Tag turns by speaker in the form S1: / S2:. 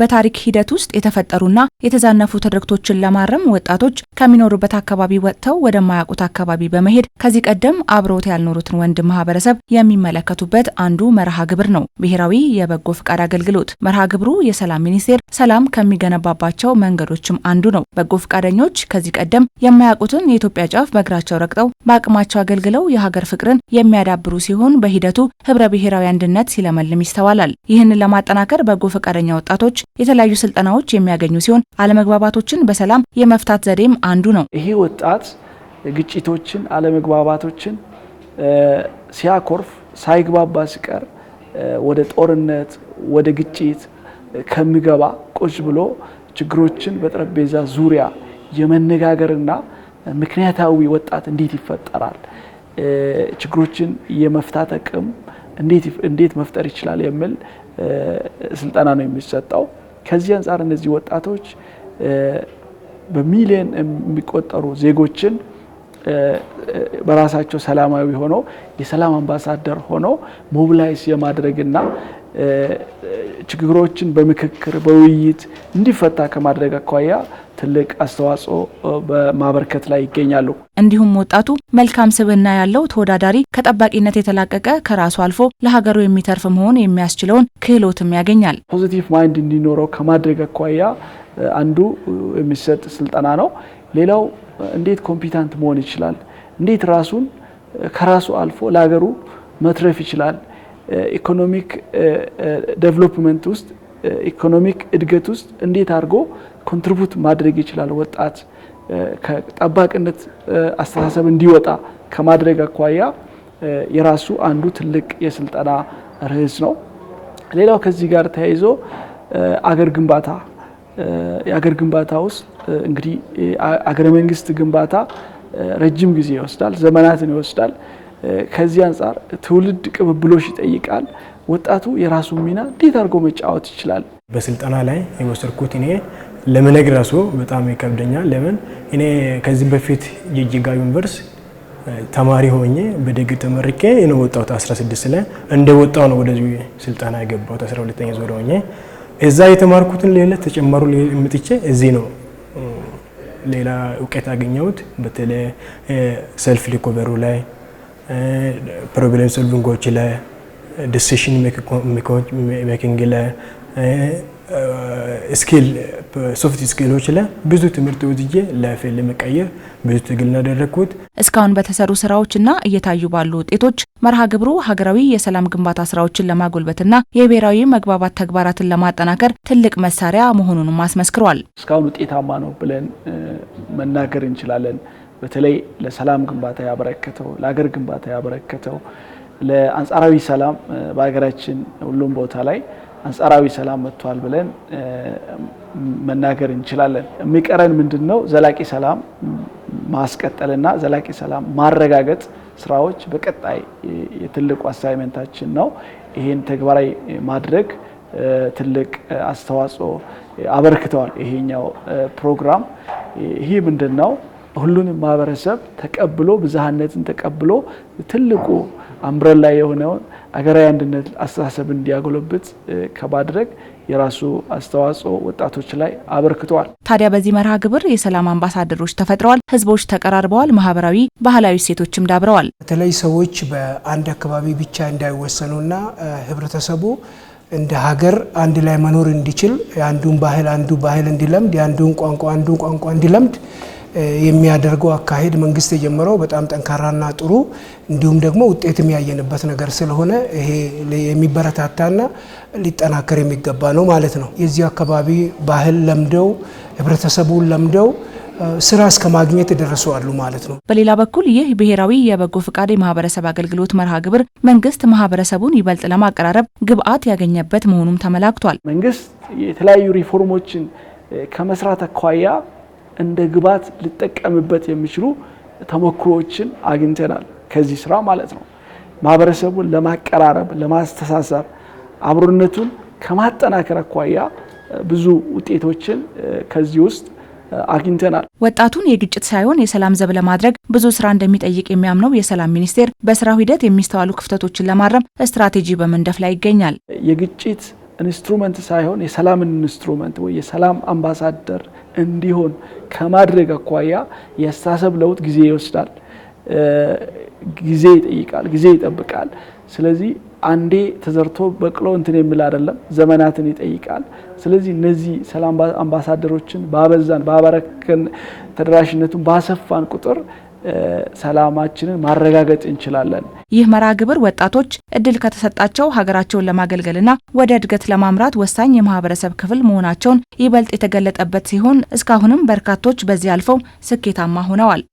S1: በታሪክ ሂደት ውስጥ የተፈጠሩና የተዛነፉ ትርክቶችን ለማረም ወጣቶች ከሚኖሩበት አካባቢ ወጥተው ወደማያውቁት አካባቢ በመሄድ ከዚህ ቀደም አብሮት ያልኖሩትን ወንድም ማህበረሰብ የሚመለከቱበት አንዱ መርሃ ግብር ነው፣ ብሔራዊ የበጎ ፍቃድ አገልግሎት። መርሃ ግብሩ የሰላም ሚኒስቴር ሰላም ከሚገነባባቸው መንገዶችም አንዱ ነው። በጎ ፍቃደኞች ከዚህ ቀደም የማያውቁትን የኢትዮጵያ ጫፍ በእግራቸው ረግጠው በአቅማቸው አገልግለው የሀገር ፍቅርን የሚያዳብሩ ሲሆን በሂደቱ ህብረ ብሔራዊ አንድነት ሲለመልም ይስተዋላል። ይህንን ለማጠናከር በጎ ፈቃደኛ ወጣቶች የተለያዩ ስልጠናዎች የሚያገኙ ሲሆን አለመግባባቶችን በሰላም የመፍታት ዘዴም አንዱ ነው።
S2: ይሄ ወጣት ግጭቶችን፣ አለመግባባቶችን ሲያኮርፍ ሳይግባባ ሲቀር ወደ ጦርነት ወደ ግጭት ከሚገባ ቁጭ ብሎ ችግሮችን በጠረጴዛ ዙሪያ የመነጋገርና ምክንያታዊ ወጣት እንዴት ይፈጠራል? ችግሮችን የመፍታት አቅም እንዴት መፍጠር ይችላል የሚል ስልጠና ነው የሚሰጠው። ከዚህ አንጻር እነዚህ ወጣቶች በሚሊዮን የሚቆጠሩ ዜጎችን በራሳቸው ሰላማዊ ሆኖ የሰላም አምባሳደር ሆኖ ሞብላይዝ የማድረግና ችግሮችን በምክክር በውይይት እንዲፈታ ከማድረግ አኳያ ትልቅ አስተዋጽኦ በማበርከት ላይ ይገኛሉ።
S1: እንዲሁም ወጣቱ መልካም ስብዕና ያለው ተወዳዳሪ ከጠባቂነት የተላቀቀ ከራሱ አልፎ ለሀገሩ የሚተርፍ መሆን የሚያስችለውን ክህሎትም ያገኛል።
S2: ፖዚቲቭ ማይንድ እንዲኖረው ከማድረግ አኳያ አንዱ የሚሰጥ ስልጠና ነው። ሌላው እንዴት ኮምፒታንት መሆን ይችላል፣ እንዴት ራሱን ከራሱ አልፎ ለሀገሩ መትረፍ ይችላል፣ ኢኮኖሚክ ዴቨሎፕመንት ውስጥ ኢኮኖሚክ እድገት ውስጥ እንዴት አድርጎ ኮንትሪቡት ማድረግ ይችላል፣ ወጣት ከጠባቅነት አስተሳሰብ እንዲወጣ ከማድረግ አኳያ የራሱ አንዱ ትልቅ የስልጠና ርዕስ ነው። ሌላው ከዚህ ጋር ተያይዞ አገር ግንባታ የአገር ግንባታ ውስጥ እንግዲህ አገረ መንግስት ግንባታ ረጅም ጊዜ ይወስዳል፣ ዘመናትን ይወስዳል። ከዚህ አንጻር ትውልድ ቅብብሎሽ ይጠይቃል። ወጣቱ የራሱን ሚና እንዴት አድርጎ መጫወት ይችላል? በስልጠና ላይ የወሰድኩት እኔ ለመነግ ራሱ በጣም ይከብደኛል። ለምን እኔ ከዚህ በፊት የጅጋ ዩኒቨርስ ተማሪ ሆኜ በደግ ተመርቄ ነው ወጣሁት። 16 ላይ እንደ ወጣሁ ነው ወደዚህ ስልጠና የገባሁት 12ኛ ዞር ሆኜ እዛ የተማርኩትን ሌላ ተጨማሩ ምጥቼ እዚህ ነው ሌላ እውቀት ያገኘሁት። በተለይ ሰልፍ ሊኮቨሩ ላይ፣ ፕሮብሌም ሶልቪንጎች ላይ፣ ዲሲሽን ሜኪንግ ላይ ስኪል ሶፍት ስኪሎች ላይ ብዙ ትምህርት ወስጄ ላይፌን ለመቀየር ብዙ ትግል እናደረግኩት።
S1: እስካሁን በተሰሩ ስራዎችና እየታዩ ባሉ ውጤቶች መርሃ ግብሩ ሀገራዊ የሰላም ግንባታ ስራዎችን ለማጎልበትና የብሔራዊ መግባባት ተግባራትን ለማጠናከር ትልቅ መሳሪያ መሆኑንም አስመስክሯል።
S2: እስካሁን ውጤታማ ነው ብለን መናገር እንችላለን። በተለይ ለሰላም ግንባታ ያበረከተው ለሀገር ግንባታ ያበረከተው ለአንጻራዊ ሰላም በሀገራችን ሁሉም ቦታ ላይ አንጻራዊ ሰላም መጥቷል ብለን መናገር እንችላለን። የሚቀረን ምንድን ነው? ዘላቂ ሰላም ማስቀጠልና ዘላቂ ሰላም ማረጋገጥ ስራዎች በቀጣይ የትልቁ አሳይመንታችን ነው። ይህን ተግባራዊ ማድረግ ትልቅ አስተዋጽኦ አበርክተዋል ይሄኛው ፕሮግራም። ይህ ምንድን ነው? ሁሉንም ማህበረሰብ ተቀብሎ ብዝሃነትን ተቀብሎ ትልቁ አምብረላ የሆነውን አገራዊ አንድነት አስተሳሰብ እንዲያጎለብት ከማድረግ የራሱ አስተዋጽኦ ወጣቶች ላይ አበርክተዋል።
S1: ታዲያ በዚህ መርሃ ግብር የሰላም አምባሳደሮች ተፈጥረዋል። ህዝቦች ተቀራርበዋል። ማህበራዊ፣ ባህላዊ እሴቶችም ዳብረዋል።
S3: በተለይ ሰዎች በአንድ አካባቢ ብቻ እንዳይወሰኑና ህብረተሰቡ እንደ ሀገር አንድ ላይ መኖር እንዲችል የአንዱን ባህል አንዱ ባህል እንዲለምድ፣ የአንዱን ቋንቋ አንዱ ቋንቋ እንዲለምድ የሚያደርገው አካሄድ መንግስት የጀመረው በጣም ጠንካራና ጥሩ እንዲሁም ደግሞ ውጤት የሚያየንበት ነገር ስለሆነ ይሄ የሚበረታታና ሊጠናከር የሚገባ ነው ማለት ነው። የዚህ አካባቢ ባህል ለምደው ህብረተሰቡን ለምደው ስራ እስከ ማግኘት የደረሱ አሉ ማለት ነው።
S1: በሌላ በኩል ይህ ብሔራዊ የበጎ ፍቃድ የማህበረሰብ አገልግሎት መርሃ ግብር መንግስት ማህበረሰቡን ይበልጥ ለማቀራረብ ግብአት ያገኘበት መሆኑም ተመላክቷል።
S2: መንግስት የተለያዩ ሪፎርሞችን ከመስራት አኳያ እንደ ግብዓት ሊጠቀምበት የሚችሉ ተሞክሮዎችን አግኝተናል ከዚህ ስራ ማለት ነው። ማህበረሰቡን ለማቀራረብ፣ ለማስተሳሰብ አብሮነቱን ከማጠናከር አኳያ ብዙ ውጤቶችን ከዚህ ውስጥ አግኝተናል።
S1: ወጣቱን የግጭት ሳይሆን የሰላም ዘብ ለማድረግ ብዙ ስራ እንደሚጠይቅ የሚያምነው የሰላም ሚኒስቴር በስራው ሂደት የሚስተዋሉ ክፍተቶችን ለማረም ስትራቴጂ በመንደፍ ላይ ይገኛል።
S2: የግጭት ኢንስትሩመንት ሳይሆን የሰላምን ኢንስትሩመንት ወይ የሰላም አምባሳደር እንዲሆን ከማድረግ አኳያ የአስተሳሰብ ለውጥ ጊዜ ይወስዳል፣ ጊዜ ይጠይቃል፣ ጊዜ ይጠብቃል። ስለዚህ አንዴ ተዘርቶ በቅሎ እንትን የሚል አይደለም፣ ዘመናትን ይጠይቃል። ስለዚህ እነዚህ ሰላም አምባሳደሮችን ባበዛን፣ ባበረከን፣ ተደራሽነቱን ባሰፋን ቁጥር ሰላማችንን ማረጋገጥ እንችላለን።
S1: ይህ መርሃ ግብር ወጣቶች እድል ከተሰጣቸው ሀገራቸውን ለማገልገልና ወደ እድገት ለማምራት ወሳኝ የማህበረሰብ ክፍል መሆናቸውን ይበልጥ የተገለጠበት ሲሆን እስካሁንም በርካቶች በዚህ አልፈው ስኬታማ ሆነዋል።